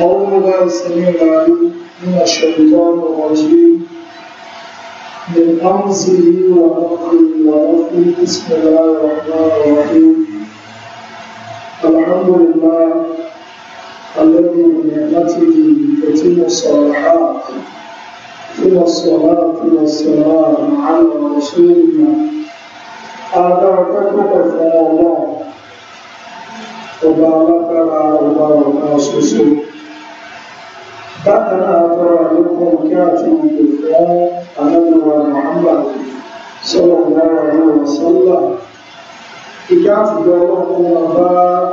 أعوذ بالله السميع العليم من الشيطان الرجيم من أمزه ونفخه ونفخه بسم الله الرحمن الرحيم الحمد لله الذي بنعمته تتم الصالحات ثم الصلاة والسلام على رسولنا أدركتك فلا الله وبارك على وبارك على bákan náà tọrọ àlékún kí àti ìgbè fún anábìwà Muhammad sọ̀rọ̀ lọ́wọ́ àwọn sọ́lá ìgbà àtijọ́ ọlọ́kùnrin máa bá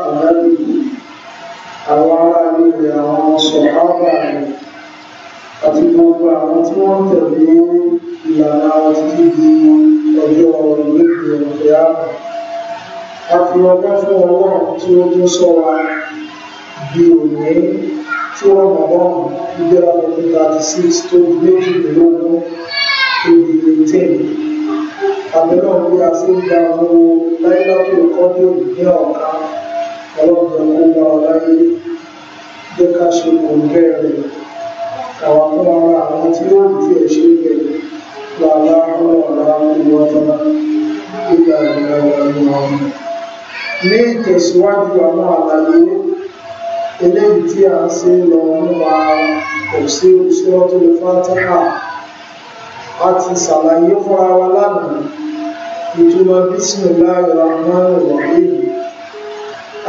àdábì àwọn ará ilé àwọn sọ̀hábà rẹ̀ àti gbogbo àwọn tí wọ́n tẹ̀lé ìlànà títí di ọjọ́ ìlú ìrìnàjò àmà a fi ọgbọ́n fún ọlọ́run tí ó tó sọ wa bí òní tí wọ́n mọ̀ bọ́ ìgbéra ọdún thirty six tó di méjìlélógún tó di eighteen àbẹ̀rẹ̀ bí a ṣe ń gba owó láìláàpọ̀ kọ́dọ̀ ní ọ̀ka ọlọ́gbọ̀n kó bá wa láyé jẹ́ ká ṣe kò bẹ́ẹ̀rẹ̀ kàwá fún ara àwọn tí ó ti ẹ̀ ṣe bẹ̀ lọ́la ọlọ́la ìwọ́ta ìgbà ìgbà ìwọ́n ní ìtẹ̀síwájú àwọn àlàyé eléyìí tí a ṣe lọ nípa òsì Suratul Fatiha a ti ṣàlàyé fúnra wa lánàá ìtumọ̀ Bismillahir Rahmanir Rahim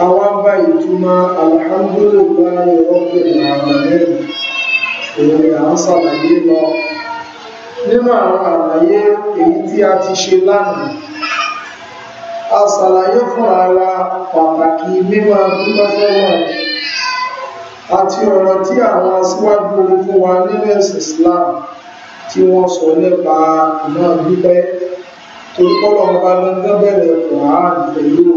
àwa bá ìtumọ̀ Alhamdulillahi Rabbil Alamin òun ni à ń ṣàlàyé lọ nínú àwọn àlàyé èyí tí a ti ṣe lánàá a ṣàlàyé fúnra wa pàtàkì mímọ̀ dúpẹ́ fẹ́ràn àti ọ̀rọ̀ tí àwọn aṣíwájú ogun wa nílẹ̀ Islam tí wọ́n sọ nípa iná gbígbẹ́ torí kọ́lọ̀ ọba gangan bẹ̀rẹ̀ Quran pẹ̀lú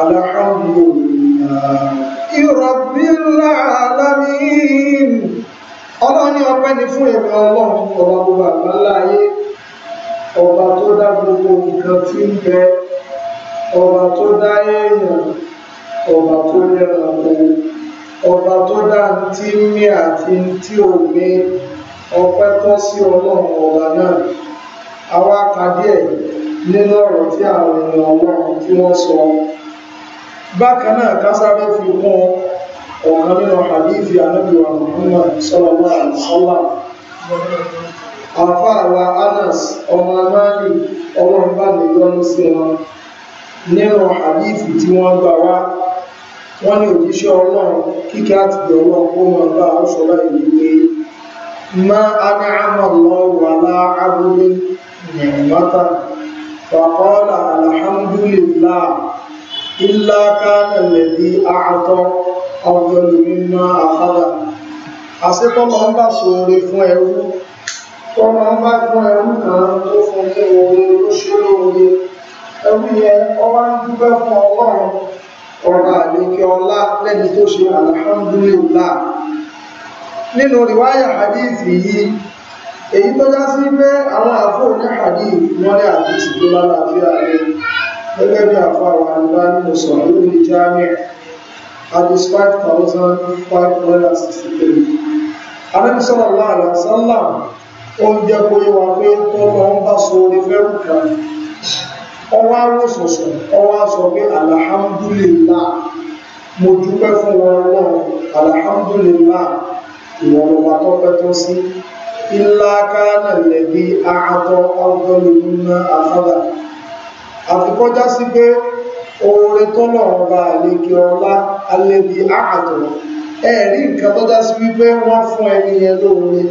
alhamdulillah rabbil alamin ọlọ́run ní ọpẹ́ ni fún èmi ọlọ́run ọba gbogbo àgbáláyé ọba tó dá gbogbo nǹkan tí ń bẹ ọba tó dá èèyàn ọba tó dẹ́ranko ọba tó dá tí ń mí àti tí ò mí ọpẹ́ tọ́ sí ọlọ́run ọba náà àwa ka díẹ̀ nínú ọ̀rọ̀ tí àwọn ènìyàn ọlọ́run tí wọ́n sọ bákan náà kásáré fi kún ọ̀rọ̀ nínú hadithi anábìwà muhammad sallallahu alaihi àfa àwa anas ọmọ amáàlì ọlọ́run bá lè yọ́nú sí wọn nínú hadithi tí wọ́n gbà wá wọ́n ní òjíṣẹ́ ọlọ́run kíkẹ́ àti ìyọ̀wọ́ ó máa bá a sọ láì wípé má anáàmà lọ́wọ́ aláàbúlé nìmọ́ta fàkọ́lá alhamdulillah ilá kánà lẹ́bí àátọ́ ọgbẹ̀lú ọba àlekẹ ọlá lẹ́ni tó ṣe alhamdulillah nínú riwaya hadith yìí èyí tó já sí pé àwọn àfóò ní hadith wọ́n ní tó lálàáfíà rẹ̀ gẹ́gẹ́ bí àfà wà nínú jamiu 5563 ọwọ́ awòsànsàn ọwọ́ sọ pé alhamdulillah mo dúpẹ́ fún wọn náà alhamdulillah ìwọ̀n ọba tó pẹ́ tó sí illa kana lẹ́bí àátọ́ ọgọ́lùmọ́ àfọ́dà àfikọ́já sí pé oore tọ́nà ọba àlejò ọlá alẹ́bí àátọ́ ẹ̀rí nǹkan tó dá sí wípé wọ́n fún ẹni yẹn lóore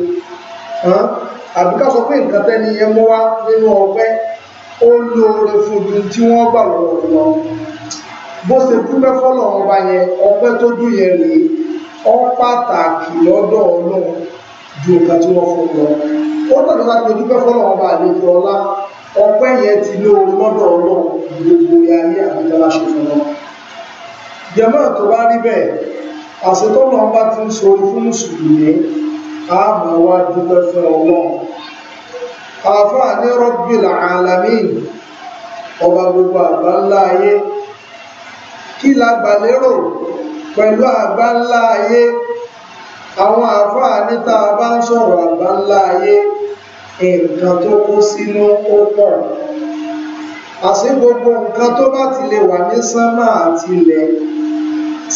àbíká sọ pé nǹkan tẹ́ni yẹn mú wá nínú ọgbẹ́ ó lóore fún ju tí wọ́n gbà lọ́wọ́ lọ bó ṣe dúpẹ́ fọ́lọ̀ ọba yẹn ọpẹ́ tó dùn yẹn rèé ọ pàtàkì lọ́dọ̀ ọlọ́run ju nǹkan tí wọ́n fún lọ ó tọ̀dọ̀ láti dúpẹ́ fọ́lọ̀ ọba àlejò ọlá ọpẹ́ yẹn ti lóore lọ́dọ̀ ọlọ́run gbogbo ayé àbíkọ́lá ṣe fún wọn jẹmọ́ tó bá rí bẹ́ẹ̀ àṣetọ́nà ọba ti ń sọ fún mùsùlùmí àmọ́ wá dúpẹ́ fún ọlọ́run àfáà ní Rabbil Alamin ọba gbogbo àgbà ńlá ayé kí la gbà lérò pẹ̀lú àgbà ńlá ayé àwọn àfáà ní tá a bá ń sọ̀rọ̀ àgbà ńlá ayé nǹkan tó kó gbogbo nǹkan tó bá ti lè wà ní sánmà àti ilẹ̀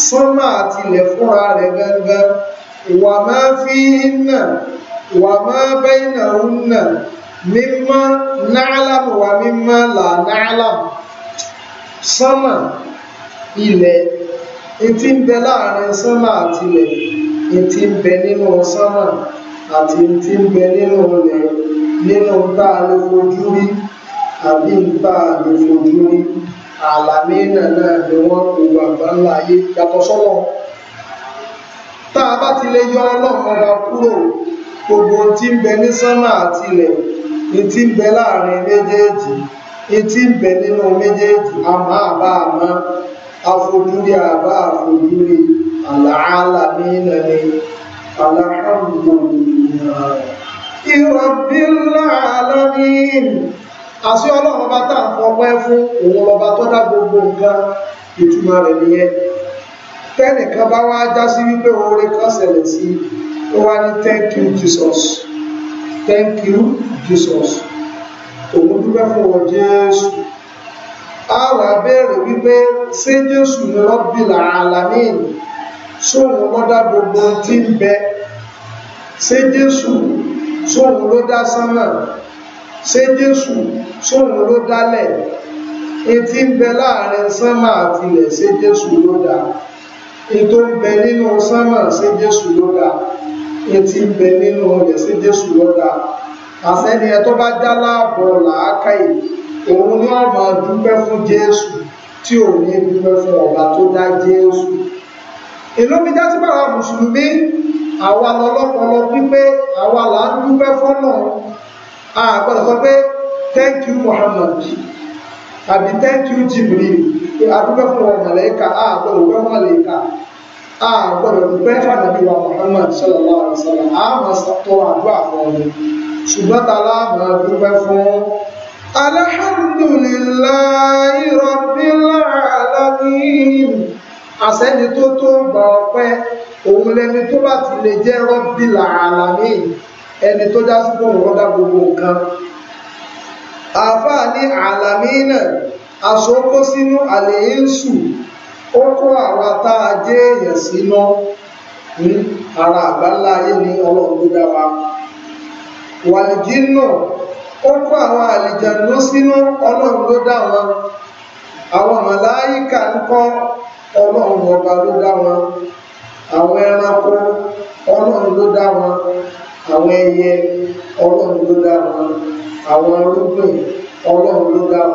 sánmà àti ilẹ̀ fúnra rẹ̀ gángan wà máa fi ń nà wà máa bẹ́ẹ̀ nà ń nà mímọ́ náàlámù wa mímọ́ là náàlámù sánmà ilẹ̀ etí ń bẹ láàrin sánmà àti ilẹ̀ etí ń bẹ nínú sánmà àti etí ń bẹ nínú ilẹ̀ nínú tá a lè fojú rí àbí tá a lè fojú rí àlàmì ni wọ́n kó bàbá ńlá ayé yàtọ̀ sọ́wọ́ tá a bá ti lè yọ ọlọ́run kúrò gbogbo tí ń bẹ ní sánmà àti ilẹ̀ ìtí ń bẹ láàrin méjèèjì ìtí ń bẹ nínú méjèèjì àmọ́ àbá àmọ́ afojúrí àbá àfojúrí àlàálà mìíràn ni alhamdulillah rabbil alamin àṣí ọlọ́run bá tàà fọpẹ́ fún òun lọba tó dá gbogbo thank you Jesus thank you Jesus òun dúpẹ́ fún wọn Jésù a wà béèrè wípé ṣé Jésù ni Rabbil Alamin sóhun ló dá gbogbo tí ń bẹ ṣé Jésù sóhun ló dá sánmà ṣé Jésù sóhun ló dálẹ̀ etí ń bẹ láàrin sánmà àtilẹ̀ ṣé Jésù ló dá ètò ń bẹ nínú sánmà ṣé Jésù ló dá etí ń bẹ nínú ọ̀rẹ́ ṣé Jésù ló dá àsẹ́ni ẹ tó bá já láàbọ̀ làákàyè òun ni wọ́n máa dúpẹ́ fún Jésù tí ò ní dúpẹ́ fún ọba tó dá Jésù èló mi já sí bàbá mùsùlùmí àwa lọlọ́pọlọ wípé àwa là ń dúpẹ́ fọ́nà àgbọ̀dọ̀ sọ pé thank you Muhammad tàbí thank you Jibril adúpẹ́ fún wọn màlẹ́kà àgbọ̀dọ̀ dúpẹ́ fún màlẹ́kà àgbọ̀dọ̀ dúpẹ́ fún àdàbíwá Muhammad sallallahu alaihi wasallam àmọ́ sọ àdúrà fún ọmọ ṣùgbọ́n ta láàmà dúpẹ́ fún alhamdulillahi rabbil alamin àṣẹ́ni tó tó gbà ọpẹ́ òun lẹni tó bá ti lè jẹ́ rabbil alamin ẹni tó dá sí fún ọ̀dá gbogbo nǹkan àfáà ní alamin náà aṣọ sínú àlèéṣù ó kó àwa tá a jẹ́ èèyàn sínú hmm, ara àbáláyé ní ọlọ́run ló dá wa wàlìjínù ó kó àwọn àlìjànú sínú ọlọ́run ló dá wọn àwọn màláíkà ń kọ́ ọlọ́run ọba ló dá wọn àwọn ẹranko ọlọ́run ló dá wọn àwọn ẹyẹ ọlọ́run ló dá wọn àwọn arúgbìn ọlọ́run ló wọn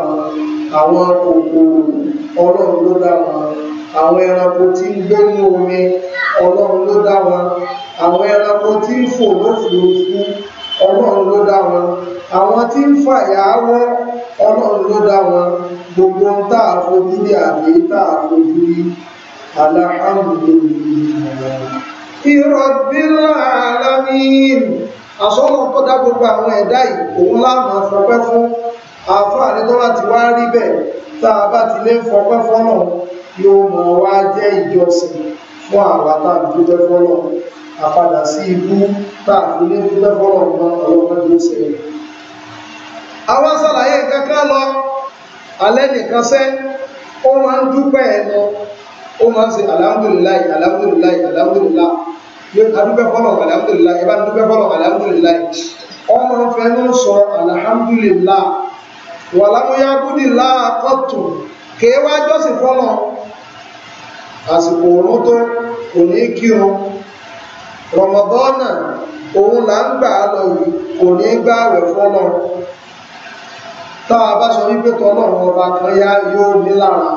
àwọn ọlọ́run ló wọn ọlọ́run ló dá wọn àwọn tí ń fàyà wọ́ ọlọ́run ló dá wọn gbogbo ń tà fojú rí àbí tà fojú rí alhamdulilayi. Rabbil alamin àsọ́lọ̀ tó dá gbogbo àwọn ẹ̀dá yìí òun láàmà fọpẹ́ fún àǹfààní tó láti wá rí bẹ́ẹ̀ tá a bá ti lé fọpẹ́ fọ́nà yóò mọ̀ wá jẹ́ ìjọsìn fún àwa tá a dúpẹ́ fọ́nà àpadà sí ibú tá a fi lé dúpẹ́ fọ́lọ́ ọ̀gbọ́n ọlọ́gbọ́n tó ṣẹlẹ̀. àwa ṣàlàyé kankan lọ alẹ́ nìkan sẹ́ ó máa ń dúpẹ́ ẹ̀ lọ ó máa ń ṣe alhamdulilayi alhamdulilayi alhamdulilayi adúpẹ́ fọ́lọ́ alhamdulilayi ẹ bá dúpẹ́ fọ́lọ́ alhamdulilayi ọmọ fẹnu sọ alhamdulilayi wàlámúyágúdìlá kọ́tù kéwàá jọ́sìn fọ́lọ́ àsìkò rọmọbọ́nà òun là ń gbà á lọ yìí kò ní gbà rẹ̀ fọ́nà táwa bá sọ wípé tọ́lọ́run ọba kan yá yóò ní lára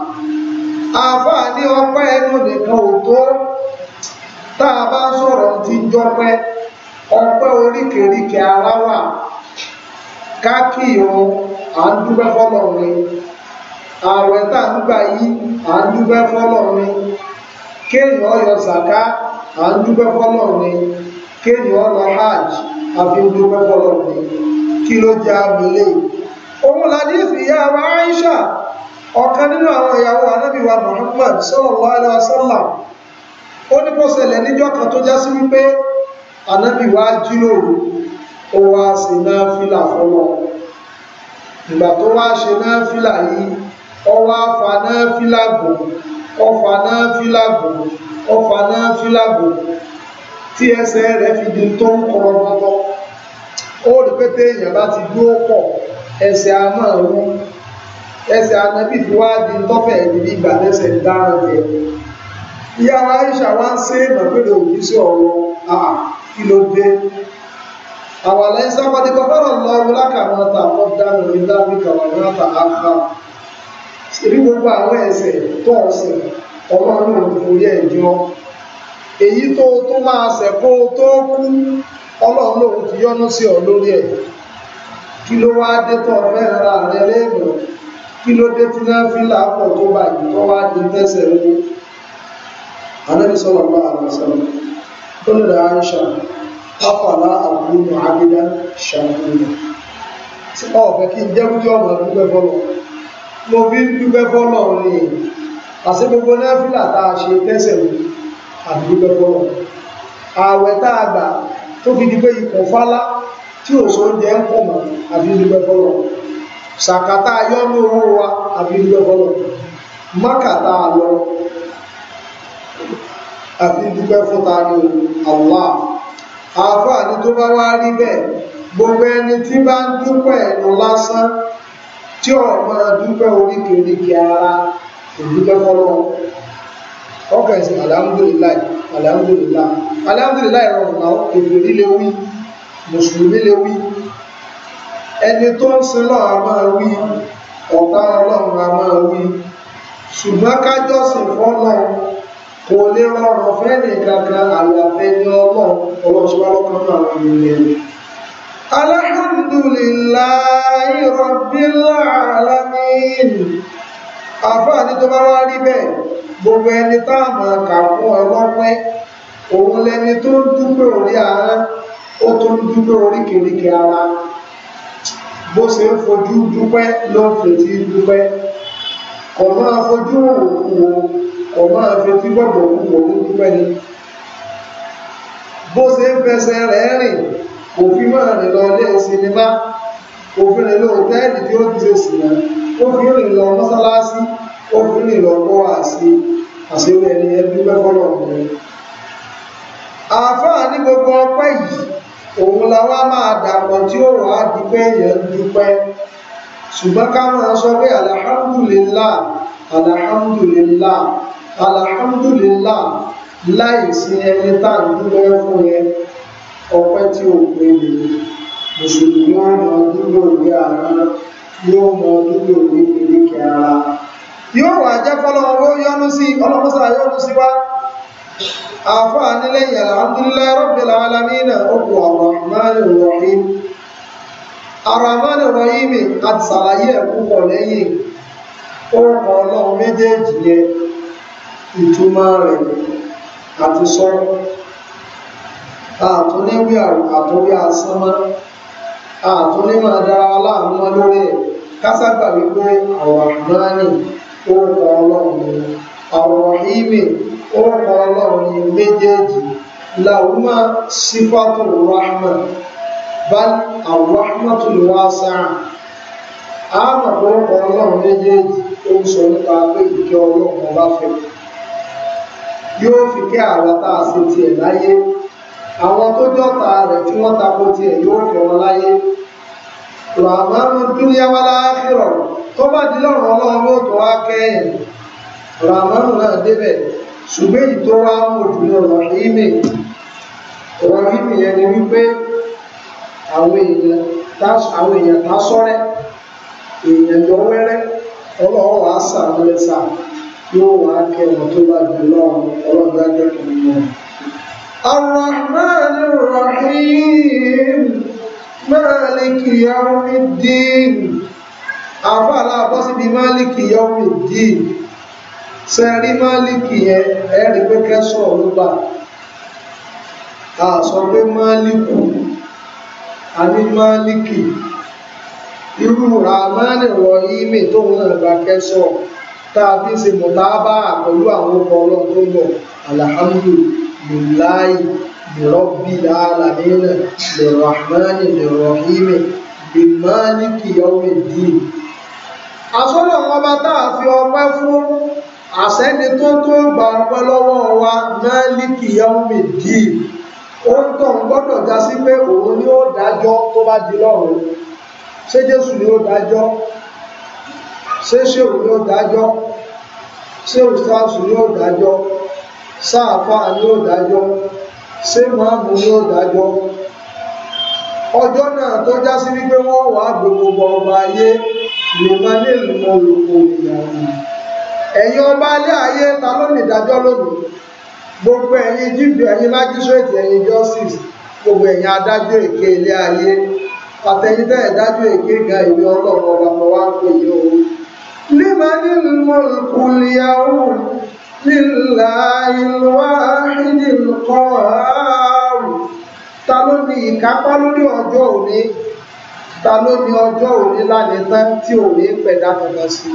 àáfàá ní ọpẹ́ ẹnu nìkan ò tó táwa bá sọ̀rọ̀ ti jọpẹ́ ọpẹ́ oríkèéríkèé ara wà káàkì à ń dúpẹ́ fọ́lọ́run ààrẹ tá à ń gbà yìí à ń dúpẹ́ fọ́lọ́run kéèyàn ọyọ sàká à ń dúpẹ́ fọ́lọ̀ ni kéèyàn ọ̀nà hajj àfi ń dúpẹ́ fọ́lọ̀ ni kí ló jẹ́ àmìlè òun làdífì ìyá wa Aisha ọ̀kan nínú àwọn ìyàwó anábì wa Muhammad sallallahu alaihi wasallam ó ní kó ṣẹlẹ̀ níjọ́ kan tó já sí wípé anábì wa jíròrò ó wá ṣe náà fìlà fọ́lọ̀ ìgbà tó wá ṣe náà fìlà yìí ó wá fa náà fìlà gùn ọfà náà fílàgò ọfà náà fílàgò tí ẹsẹ̀ rẹ̀ fi di tó ń kọrọ lọ́tọ́ ó rí pété èèyàn bá ti dúró pọ̀ ẹsẹ̀ a máa wú ẹsẹ̀ anábì fi wá di tọ́fẹ̀ ìdílé ìgbà lẹ́sẹ̀ dára jẹ ìyá wa Aisha wá ń sé màgbélé òbí sí ọ̀rọ̀ àà kí ló dé àwọn àlẹ́ sábàdé bàbá rẹ̀ lọ́rùn lákàmọ́ta àkọ́dá nínú ìdáwí kàwọn náà ta èmi gbogbo àwọn ẹ̀ṣẹ̀ tó ọ̀sẹ̀ ọlọ́run orí ẹ̀jọ́ èyí tó tó máa ṣẹ̀ kó tó kú ọlọ́run lòun ti yọ́nú sí ọ lórí ẹ̀ kí ló wá dé tó ọ̀fẹ́ ara rẹ lẹ́gbọ̀n kí ló dé tí náà fi láàpọ̀ tó bá yìí tó wá di tẹ́sẹ̀ owó anábì sọ̀rọ̀ bá àwọn sọ̀rọ̀ tó lè ra Aisha afàlà àbúrò àbídá ṣàkóso ọ̀fẹ́ kí n jẹ́ kí ọmọ ẹ̀kú pẹ́ mo fi ń dúpẹ́ fọ́lọ̀ ni àti gbogbo náfìlà tá a ṣe tẹ́sẹ̀ wò àti dúpẹ́ fọ́lọ̀ ààwẹ̀ tá a gbà tó fi di pé ikùn fálá tí òṣò oúnjẹ ń pọ̀ mọ́ àti dúpẹ́ fọ́lọ̀ sàkátà yọ́nú owó wa àti dúpẹ́ fọ́lọ̀ mákàtà lọ àti dúpẹ́ fúnta ní Allah àfáà ní tó bá wá rí bẹ́ẹ̀ gbogbo ẹni tí bá ń dúpẹ́ ẹnu lásán tí ọ̀rọ̀ máa dúpẹ́ oríkè oríkè ara òdúpẹ́ fọ́lọ́ ọkàn ìsìn alhamdulilayi alhamdulilayi alhamdulilayi rọrùn náà èbìrí lè wí mùsùlùmí lè wí ẹni tó ń sin náà a máa wí ọ̀gá ọlọ́run a máa wí ṣùgbọ́n kájọ́sìn fọ́lọ́ kò lè rọrùn fẹ́ẹ̀nì kankan àyàfẹ́ ní ọlọ́run ọlọ́ṣọ́lọ́kàn náà wọ́n ní ẹni alhamdulillahi rabbil alamin àfáàní tó bá wá rí bẹ́ẹ̀ gbogbo ẹni tá a máa kà fún ọlọ́pẹ́ òun lẹni tó ń dúpẹ́ orí ara ó tó ń dúpẹ́ oríkèéríkèé ara bó ṣe ń fojú dúpẹ́ ló ń fètí dúpẹ́ kò máa fojú òkú o kò máa fetí gbọ́gbọ̀ òkú o dúpẹ́ ni bó ṣe ń fẹsẹ̀ rẹ̀ rìn òfin máa rìn lọ ilé sinimá òfin rìn lọ òtẹ́ẹ̀lì tí ó ti ṣe sìnà òfin rìn lọ mọ́sálásí òfin rìn lọ kọ́ àṣì àṣìwẹ̀ ní ẹbí mẹ́fọ́lọ̀ rẹ̀ àáfàá ní gbogbo ọpẹ́ yìí òun làwa máa dàpọ̀ tí ó wàá di pé èèyàn dúpẹ́ ṣùgbọ́n ká máa sọ pé alhamdulillah alhamdulillah alhamdulillah láì sí ẹni tá à ń dúpẹ́ fún yẹn ọpẹ́ tí ò pé nìyí mùsùlùmí wọn mọ dúró ní àárín yóò mọ dúró ní ìpínlẹ̀ ara yóò wà jẹ́ fọlọ́wọ́ yọnu sí ọlọ́mọsá yọnu sí wa àfáà nílẹ̀ yẹn alhamdulilayi rabbil alamin ọkọ̀ arahmani rahim arahmani rahim àti sàlàyé ẹ̀kú pọ̀ lẹ́yìn orúkọ ọlọ́run méjèèjì yẹn ìtumọ̀ rẹ̀ àti sọ́rọ̀ àtúnléwé àtúnwé asánmọ́ àtúnlé máa dára aláàánú mọ́ lórí ẹ̀ káságbà wípé àwàmánì orúkọ ọlọ́run ni àwọ̀hímì orúkọ ọlọ́run ni méjèèjì làwùmá sífàtò rahma bá àwàmátò lè wá sáà àmà orúkọ ọlọ́run méjèèjì ó ń sọ nípa pé ìkẹ́ ọlọ́run ọba fẹ́ yóò fi kẹ́ àwọn tá a ṣe tiẹ̀ láyé àwọn tó jọ́ta rẹ̀ tí wọ́n tako tiẹ̀ yóò fẹ́ wọn láyé ràmánú dúníyàwó láàkìrọ̀ tó bá di lọ́rùn ọlọ́run yóò tó wá kẹ́yìn ràmánú náà débẹ̀ ṣùgbọ́n èyí tó wá mú jùlọ rọ̀hìmì rọ̀hìmì yẹn ni wípé àwọn èèyàn tá sọ́rẹ́ èèyàn jọ wẹ́rẹ́ ọlọ́run wàá sàmúlẹ́sà yóò wá kẹ́yìn tó bá di lọ́rùn ọlọ́run yóò الرحمن الرحيم مالك يوم الدين àfàlà bọ́síbi máàlìkì yọmi dì sẹ́rí máàlìkì yẹn ẹ̀rí pé kẹsàn-án ló gbà á sọ pé máàlìkù àní máàlìkì irú ramani rọ̀hìmì tóun náà gba kẹsàn-án tá a fi ṣe mọ̀tàbà pẹ̀lú àwọn ọkọ̀ ọlọ́run tó ń bọ̀ alhamdulillah. لله لرب العالمين للرحمن للرحيم لمالك يوم الدين asọ́lọ̀ wọn bá tá a fi ọpẹ́ fún àsẹ́ni tó tó gba ọpẹ́ lọ́wọ́ wa máàlìkì yaomi díì ó ń tọ̀ ń gbọ́dọ̀ já sí pé òun ni ó dájọ́ tó bá di lọ́rùn ṣé jésù ni ó dájọ́ ṣé ṣéun ni ó dájọ́ ṣé òṣìṣẹ́ ni ó dájọ́ sáàfáà ni ó dájọ́ ṣé màámu ni ó dájọ́ ọjọ́ náà tó já sí wípé wọ́n wà á gbogbo ọba ayé lè má lè mọ olùkọ ìyàwó ẹ̀yin ọba alẹ́ ayé ta ló ní ìdájọ́ lónìí gbogbo ẹ̀yin jíìpì ẹ̀yin májísírèètì ẹ̀yin justice gbogbo ẹ̀yin adájọ́ èké ilé ayé àtẹ̀yìn tẹ́ ẹ̀dájọ́ èké ga ìwé ọlọ́run ọba kan wá ń pè yín o lè má lè mọ olùkọ ìyàwó lílàáyí lọ́wọ́hídì lọ́kọ́ ààrùn ta ló ní ìkápá lórí ọjọ́ òní ta ló ní ọjọ́ òní lánìí tán tí òní pẹ̀dá kankan sí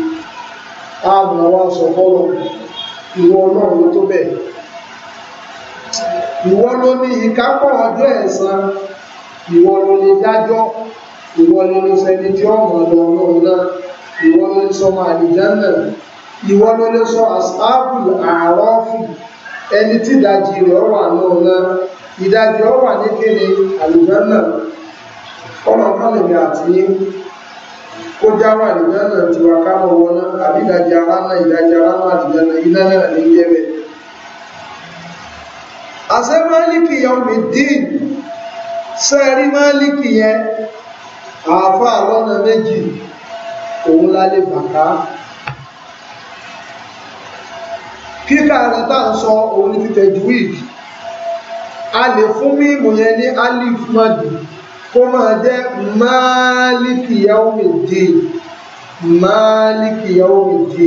ààbò wa sọ fọ́lọ́ ìwọ ọlọ́run tó bẹ̀ ìwọ ló ní ìkápá ọjọ́ ẹ̀san ìwọ ló ní dájọ́ ìwọ ló ní sẹni tí ọmọ ọlọ́run náà ìwọ ló ní sọmọ àlìjánnà náà ìwọ ló lè sọ asáàbùl àárọ́fù ẹni tí ìdajì rẹ̀ ọ̀rọ̀ àná ọ̀nà ìdajì ọ̀rọ̀ àníkèrè àlùjánà ọmọ kánìmí àti yín kó jáwọ́ àlùjánà ti wà kámọ̀ wọná àbí ìdajì ara náà ìdajì ara náà àlùjánà iná náà ní jẹ́bẹ̀. àṣẹ máàlìkì yẹn mi dín sẹ́ẹ̀rí máàlìkì yẹn àáfàá lọ́nà méjì òun lálẹ́ bàtà kíkà rẹ̀ tá à ń sọ òun ní títẹ̀ jùwìd a lè fún mímù yẹn ní alif madu kó máa jẹ́ máàlìkì yaumiddi máàlìkì yaumiddi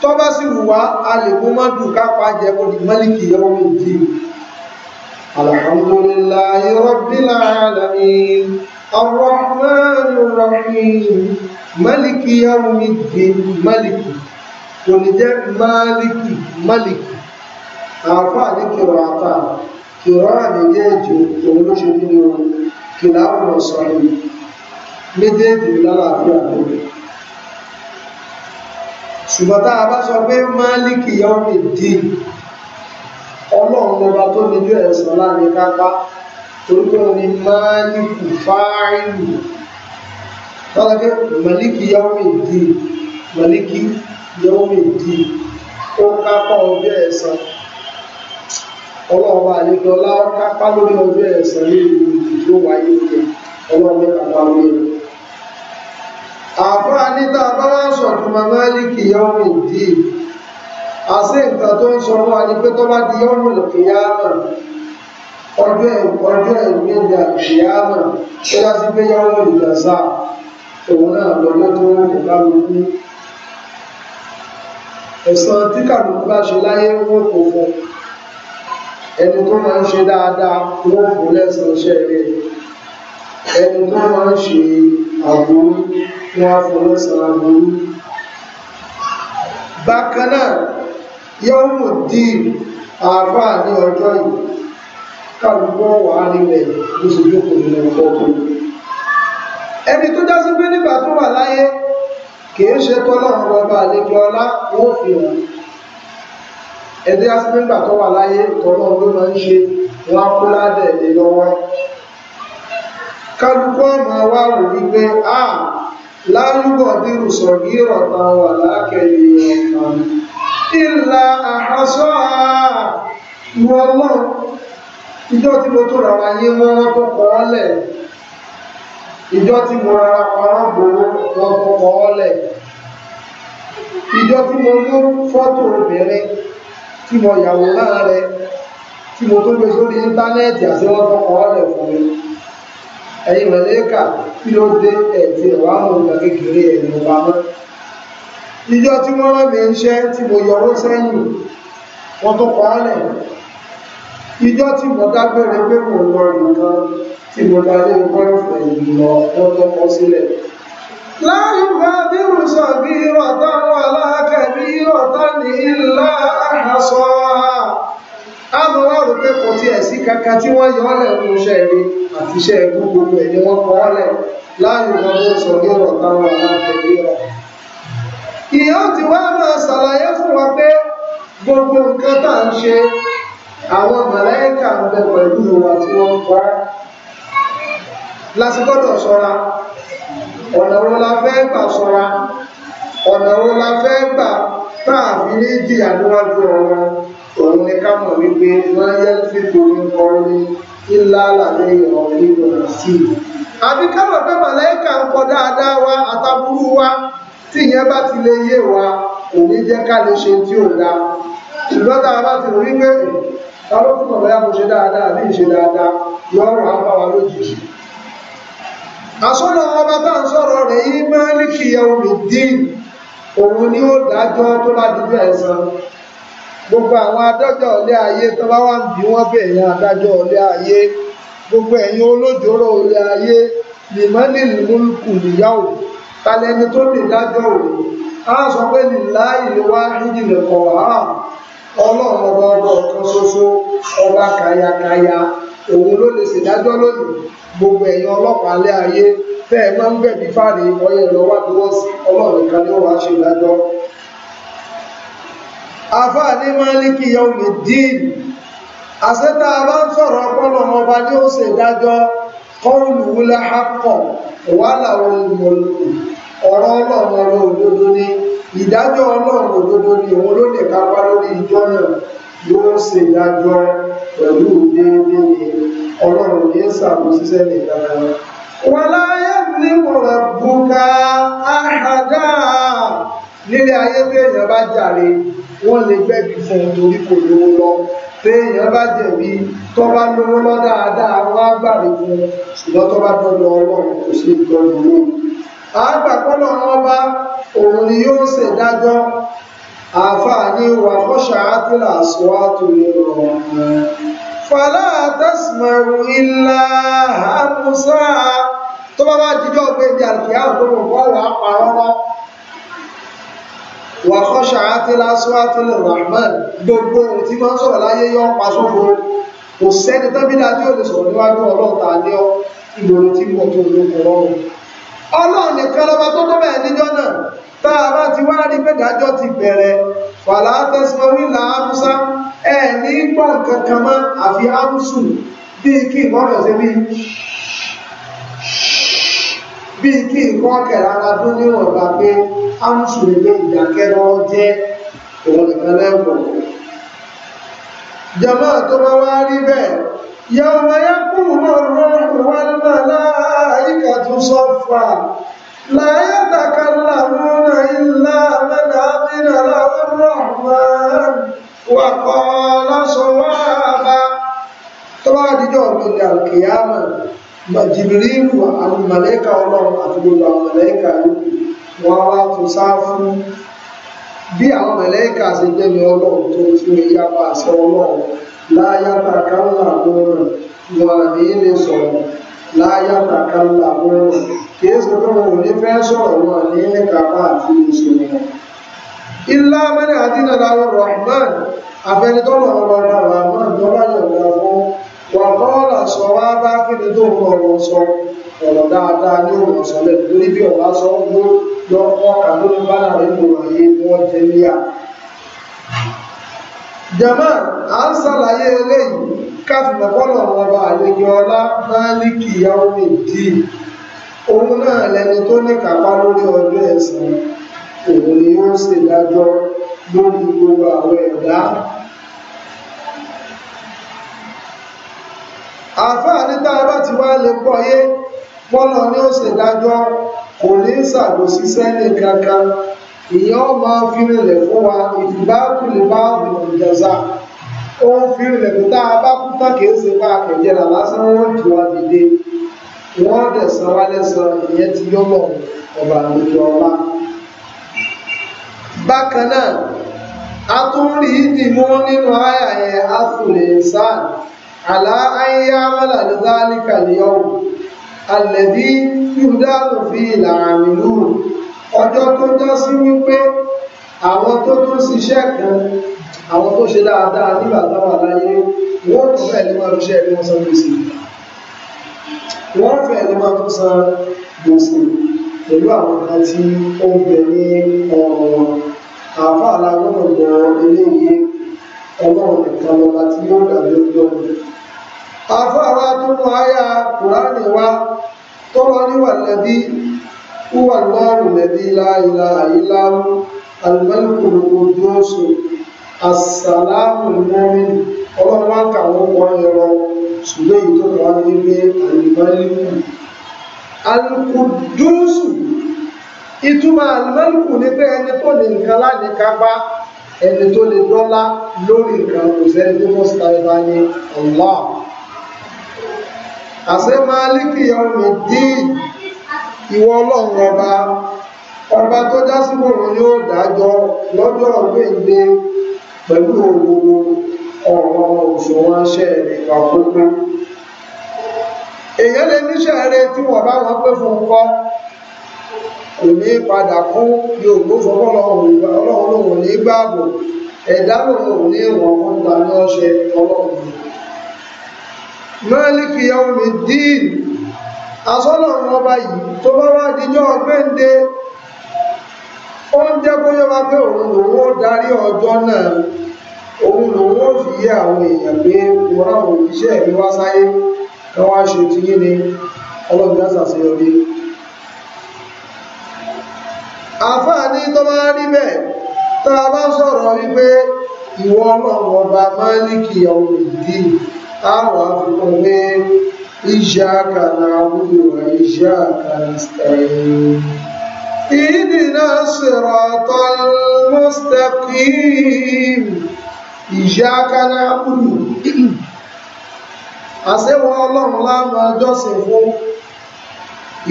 tó bá sì wù wá a lè mú madu kápá jẹ́ kó di máàlìkì yaumiddi alhamdulillahi rabbil alamin arrahmanir rahim maliki yaumiddi maliki kò ní jẹ́ máàlìkì máàlìkì àáfà ní kìrọ̀ àtà kìrọ̀ àdéjẹ́jì òun ló ṣe nínú kìláàrùn ọ̀sán yìí méjèèjì lálàáfíà lórí ṣùgbọ́n tá a bá sọ pé máàlìkì yọ ní dì ọlọ́run lọba tó níjú ẹ̀sán láàrin kápá torípé wọn ni máàlìkù fáìlù tọ́lá pé màlìkì yọ ní dì màlìkì yẹ́wọ́ mi di ó kápá ọjọ́ ẹ̀san ọlọ́ọ̀bá àlejọ́lá ó kápá lórí ọjọ́ ẹ̀san ní ìlú ìdíjọ́ wáyé jẹ ọlọ́ọ̀bẹ kàbá orí rẹ̀ àfáà níta bára sọ̀tún mamálìkì yẹ́wọ́ mi di àṣẹ nǹkan tó ń sọ fún wa ni pé tó bá di yọ́mù lọ́kìyàmà ọjọ́ ọjọ́ ìgbéga ìṣìyàmà ṣé láti gbé yọ́mù ìjàsà òun náà lọ́jọ́ tó ń kọ́ bá mi kú ẹ̀san tí kàlùkù bá ṣe láyé wọ́n kò fún ẹni tó máa ń ṣe dáadáa wọ́n fún lẹ́san iṣẹ́ rẹ̀ ẹni tó máa ń ṣe àbúrú wọ́n á fún lẹ́san àbúrú bákan náà yọ́mù díì àáfàá ní ọjọ́ yìí kàlùkù ọ̀wà nílẹ̀ ló sì jókòó nínú ọkọ̀ ẹni tó já sí pé nígbà tó wà láyé kìí ṣe tọ́lọ́run bọba àlejò ọlá wọn ò fi hàn ẹdí asínígbà tó wà láyé tọ́lọ́run ló máa ń ṣe wọn kó ládẹ̀ lé lọ́wọ́ kálukú ọmọ wa wò wípé a lárúbọ̀ dírù sọ̀gí ọ̀tá wà lákẹ̀lẹ̀ ọ̀tàn ìlà àhásọ́ ìwọ náà ìjọ tí mo tó rárá yé wọn wọn tó kọ́ ọ́ lẹ̀ ìjọ tí mo rárá pamọ́ gbowó wọn tó kọ́wọ́ lẹ̀ ìjọ tí mo mú fọ́tò obìnrin tí mo yàwòrán rẹ̀ tí mo tó gbé sórí íńtánẹ́ẹ̀tì àti wọn tó kọ́wọ́ lẹ̀ fún mi ẹ̀yin mẹ̀lẹ́kà kí ló dé ẹ̀tì ẹ̀wà mọ̀ ìgbà kékeré ẹ̀yìn pamọ́ ìjọ tí wọ́n rán mi iṣẹ́ tí mo yọwọ́ sẹ́yìn wọn tó kọ́wọ́ lẹ̀ ìjọ tí mo dágbére pé mo lọ nìkan tí mo bá dé nǹkan ọ̀fẹ́ ìgbìmọ̀ wọn tọkọ sílẹ̀. láyé bá dírù sọ̀gí ìrọ̀tá wà láàkẹ́bí ìrọ̀tá ní ilá àhásọ́ àmọ́ra rò pé kò tiẹ̀ sí kankan tí wọ́n yọ ọ́lẹ̀ fún iṣẹ́ rí àti iṣẹ́ ẹ̀kú gbogbo ẹ̀ wọ́n kọ́ ọ́lẹ̀ láyé bá dírù sọ̀gí ìrọ̀tá wà láàkẹ́bí ìrọ̀tá. ìyá ti wá máa ṣàlàyé fún wa pé gbogbo nǹkan tá à ń ṣe àwọn màláìkà ń bẹ pẹ̀lú wa tí wọ́n ń láti gbọ́dọ̀ ṣọ́ra ọ̀nà wo la fẹ́ gbà ṣọ́ra ọ̀nà wo la fẹ́ gbà táàfin ní jìyà níwájú ọ̀rọ̀ òun ni ká mọ̀ wípé wọ́n yẹ fífò ní kọrin ńlá làbẹ́ ìrọ̀ nínú sí i. àbí ká mọ̀ pé màláìka ń kọ dáadáa wa àtàbúrú wa tí ìyẹn bá ti lè yé wa kò ní jẹ́ ká lè ṣe tí ò dáa ṣùgbọ́n tá a bá ti rí pé ta ló fún ọ̀rẹ́ dáadáa àbí ìṣe dáadáa yọ ọ̀rọ̀ àbáwá lójijì yìí máàlìkì yawmiddin òun ni ó dájọ́ tó bá dúdú ẹ̀san gbogbo àwọn adájọ́ ilé ayé tó bá wà ń bí wọ́n bẹ̀ yẹn adájọ́ ilé ayé gbogbo ẹ̀yin olójóró ilé ayé lèmọ́lì múlùkù nìyàwó talẹ́ni tó lè dájọ́ òun á sọ pé nìlá ìlúwá ìdìlẹ̀kọ̀ ọ̀hán ọlọ́run ọba ọba ọ̀kan ṣoṣo ọba kàyàkàyà òun ló lè ṣèdájọ́ lónìí gbogbo ẹ̀yin ọlọ́pàá alẹ́ ayé tẹ́ ẹ máa ń bẹ̀bí fáre ọyẹ lọ wá dúró sí ọlọ́run kan ní wàá ṣe ìdájọ́ àfáà a bá ń sọ̀rọ̀ ọpọlọ ọba ní wà láwọn olùmọ̀lùkù ni ìdájọ́ òdodo ni òun ló lè kápá lórí pẹ̀lú déédéé ni ọlọ́run ní sàmúsíṣẹ́ nìkan wọn láyé ní mọ̀rọ̀ bùkà àhàdá nílé ayé téèyàn bá jàre wọ́n lè gbẹ́bí fún torí kò lówó lọ téèyàn bá jẹ̀bi tó bá lówó lọ wọ́n á gbàre fún ṣùgbọ́n tó bá dọ́dọ̀ ọlọ́run kò sí ìtọ́jú wọn. àgbàkọ́lọ́ wọn òun ni yóò ṣèdájọ́ àfààní wà kọ́ṣà àtìlà àṣọwàtò lọ́rọ̀ fàlà tẹ́sìmọ̀rù ilá àmúsá tó bá bá jíjọ́ pé ní àlùkìyà òkúrò wọ́n wà pàrọ́rọ́ wà kọ́ṣà àtìlà àṣọwàtò lọ́rọ̀ gbogbo ohun tí máa ń sọ̀rọ̀ láyé yọ pa kò sẹ́ni tábìlì àti òlè sọ̀rọ̀ níwájú ọlọ́ta ní ọ ìgbòho tí ń tó lóko rọrùn ọlọ́run nìkan lọ́ba tó tó bẹ̀ẹ̀ níjọ́ náà tá a bá ti wá rí pé ìdájọ́ ti bẹ̀rẹ̀ fàlà tẹsíwọ́rí là ámúsá ẹ̀ ní gbọ́ nǹkan kan mọ́ àfi ámúsù bíi kí ìmọ̀rọ̀ sí bíi bíi kí nǹkan kẹ̀rẹ́ ara dún níwọ̀nba pé ámúsù lè gbé ìdákẹ́rọ́ jẹ́ òun nìkan lẹ́wọ̀n jama tó bá wá rí bẹ́ẹ̀ yàwó ẹ̀yà kúrò náà rọrùn wá lọ́la الملائكة صفا لا يتكلمون إلا من أذن له الرحمن وقال صوابا طبعا دي جوه من القيامة ما جبريل والملائكة الله أتقول الملائكة وراء تصافوا bí àwọn mẹ̀lẹ́kà ṣe jẹ́mi ọlọ́run tó tí ó yá bá aṣọ ọlọ́run láyá tàkàlà lọ́rùn wọn ní lè sọ̀rọ̀ láyà tàkàlà wọn kìí ṣe pé wọn ò ní fẹ́ sọ̀rọ̀ wọn ní níkàpá àti ìṣòro wọn. ilá mẹ́rin àdínà láwọn rahman afẹnitọ́lọ̀ ọ̀rọ̀ rahman tó bá yọ̀gbà fún wọn kọ́ọ̀lá sọ wá bá kíni tó ń ọ̀rọ̀ sọ ọ̀rọ̀ dáadáa ní òun sọ lẹ́nu torí bí ọ̀bá sọ ló lọ́kọ́ kàdúrà bá láàrin jama à ń ṣàlàyé eléyìí káfíńmọ̀ kọ́nà wọn bá àlejò ọlá máàlìkì ìyàwó méjì òun náà lẹni tó ní kápá lórí ọjọ́ ẹ̀san òun ni ó ṣèdájọ́ lórí gbogbo àwọn ẹ̀dá àfáà ní tá a bá ti wá lè pọ̀ yé bọ́lọ̀ ni ó ṣèdájọ́ kò ní ṣàgbòsíṣẹ́ nìkankan ìyẹn ó máa fi rinlẹ̀ fún wa ìfìbákùnlé bá ọ̀gbìn ìjọsà ó ń fi rinlẹ̀ pé tá a bá kú tán kìí ṣe bá àkẹ́jẹ́ là lásán wọ́n jù wá dìde wọ́n dẹ̀ san wá lẹ́san ìyẹn ti yọ́mọ̀ ọ̀bà àlejò ọlá. bákan náà a tún rí ìdìmú nínú àyà yẹn a sùlẹ̀ sáà àlá ayé amọ́là ní záníkà ní ọ̀hún alẹ́bí yúdánù fi ìlànà mìíràn ọjọ́ tó já sí wípé àwọn tó tún ṣiṣẹ́ kan àwọn tó ṣe dáadáa nígbà táwọn aláyé wọ́n tún fẹ́ lè máa ṣiṣẹ́ bí wọ́n san gbèsè wọ́n fẹ́ lè máa tún san gbèsè pẹ̀lú àwọn kan tí ó ń bẹ ní ọ̀rọ̀ wọn àfa aláwọ̀ mọ̀ eléyìí ọlọ́run nìkan lọ́ba tí yóò dà lórí ọ̀rọ̀ àfa wa tún mú àyà kùránì wa tọ́lọ́ níwà lẹ́bí هو الله الذي لا إله إلا هو الملك القدوس السلام المؤمن ọlọ́run wá kà wọ́n wọ́n ẹ̀rọ ṣùgbọ́n èyí tó kọ́ wá ní pé àlùmọ́lìkù alùkùdúsù ìtumọ̀ àlùmọ́lìkù ni pé ẹni tó lè nǹkan lánìí kápá ẹni tó lè dọ́lá lórí nǹkan kò sẹ́ni tó mọ̀ síta ìbá ní Allah àṣẹ máa líkì ọmọ ìdí ìwọ ọlọ́run ọba ọba tó já sí bòrò ni ó dájọ́ lọ́jọ́ gbèǹde pẹ̀lú gbogbo ọ̀rọ̀ òṣùwọ̀n ṣẹ́ nìkan kókó èèyàn lè níṣẹ́ rẹ tí wọ́n bá wọn pé fún kọ́ kò ní padà kún yòókù fọwọ́ ọlọ́run lòun ní àsọ́lọ̀ ọba yìí tó bá wá díjọ́ gbéǹde ó ń jẹ́ kó yọba pé òun lòun ó darí ọjọ́ náà òun lòun ó fi yé àwọn èèyàn pé mo ráwọn òṣìṣẹ́ mi wá sáyé kí wọ́n ṣe ti yí ni ọlọ́run dáṣà sí ọdí àfáà ní tó máa rí bẹ́ẹ̀ tá a bá sọ̀rọ̀ wípé ìwọ ọlọ́run ọba máa ní kí ọmọ ìdí táwọn àfikún pé إياك نعبد وإياك نستعين إهدنا الصراط المستقيم إياك نعبد àṣẹwọ́ ọlọ́run láàmà jọ́sìn fún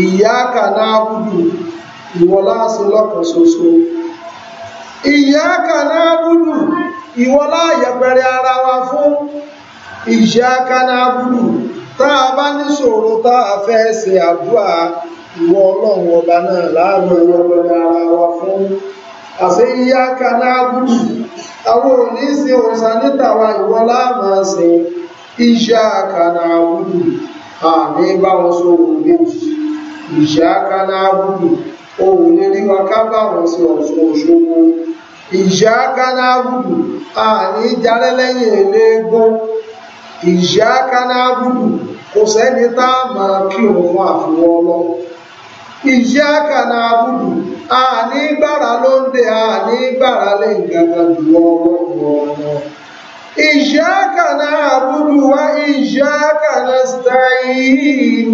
ìyáka náà búdù ìwọ láàṣẹ lọ́kàn ṣoṣo ìyáka náà búdù ìwọ láàyẹ̀pẹ̀rẹ̀ ara wa fún ìyáka náà búdù tá a bá ní ṣòro tá a fẹ́ ṣe àdúrà ìwọ ọlọ́run ọba náà láàrin ẹ̀yọ lọ́dọ̀ ara wa fún àṣẹ yíyá kanáàbù àwọn òní sin òrìṣà nítàwa ìwọ láàmà sin iṣẹ́ kanáàbù àmì bá wọn sọ òun méjì iṣẹ́ kanáàbù òun ní wa ká bá sí ọ̀ṣun òṣogbo iṣẹ́ kanáàbù àní jalẹ́ lẹ́yìn ìyáka náàbùdù kò sẹ́ni tá a máa kí òun fún àfiwọ́ lọ ìyáka náàbùdù a ní gbàrà lóńdè a ní gbàrà lè gàgà jùlọ ọlọ́run ìyáka náàbùdù wá ìyáka nasta'in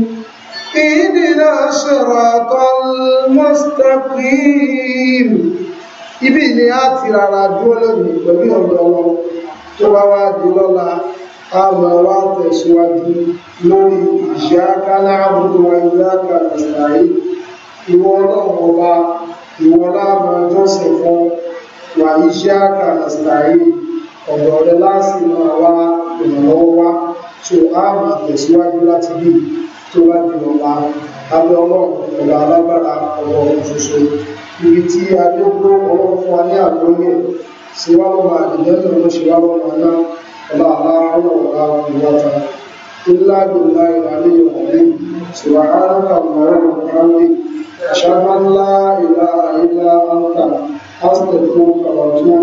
ìdìnnà siratal mustaqim ibi ni a ti rárá dúró lónìí pẹ̀lú ọ̀dọ́ wọn tó bá wá di lọ́la a máa wá tẹ̀síwájú lórí iyyaka na'budu wa iyyaka nasta'in ìwọ ọlọ́run ọba ìwọ láàmú ọjọ́sìn fún wa iyyaka nasta'in ọ̀dọ̀ rẹ láti máa wá ìrànlọ́wọ́ wá tó a tẹ̀síwájú láti bí tó bá di ọ̀la abẹ́ ọlọ́run ọ̀la alágbára ọ̀rọ̀ ولا حول ولا قوة إلا بالله العلي العظيم سبحانك اللهم وبحمدك أشهد أن لا إله إلا أنت أستغفرك وأتوب